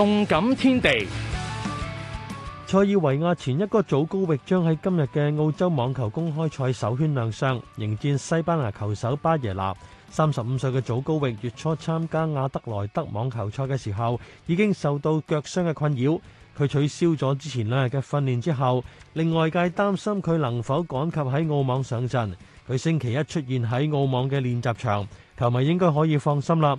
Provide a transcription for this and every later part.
動感天地，塞爾維亞前一哥祖高域將喺今日嘅澳洲網球公開賽首圈亮相，迎戰西班牙球手巴耶拿。三十五歲嘅祖高域月初參加阿德萊德網球賽嘅時候，已經受到腳傷嘅困擾。佢取消咗之前兩日嘅訓練之後，令外界擔心佢能否趕及喺澳網上陣。佢星期一出現喺澳網嘅練習場，球迷應該可以放心啦。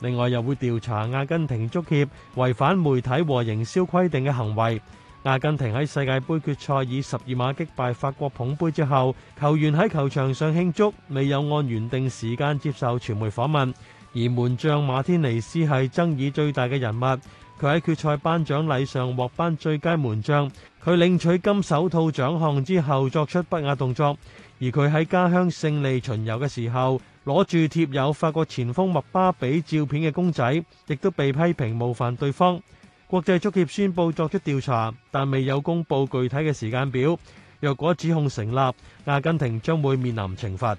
另外又會調查阿根廷足協違反媒體和營銷規定嘅行為。阿根廷喺世界盃決賽以十二碼擊敗法國捧杯之後，球員喺球場上慶祝，未有按原定時間接受傳媒訪問。而門將馬天尼斯係爭議最大嘅人物，佢喺決賽頒獎禮上獲頒最佳門將，佢領取金手套獎項之後作出不雅動作，而佢喺家鄉勝利巡遊嘅時候，攞住貼有法國前鋒麥巴比照片嘅公仔，亦都被批評冒犯對方。國際足協宣布作出調查，但未有公布具體嘅時間表。若果指控成立，阿根廷將會面臨懲罰。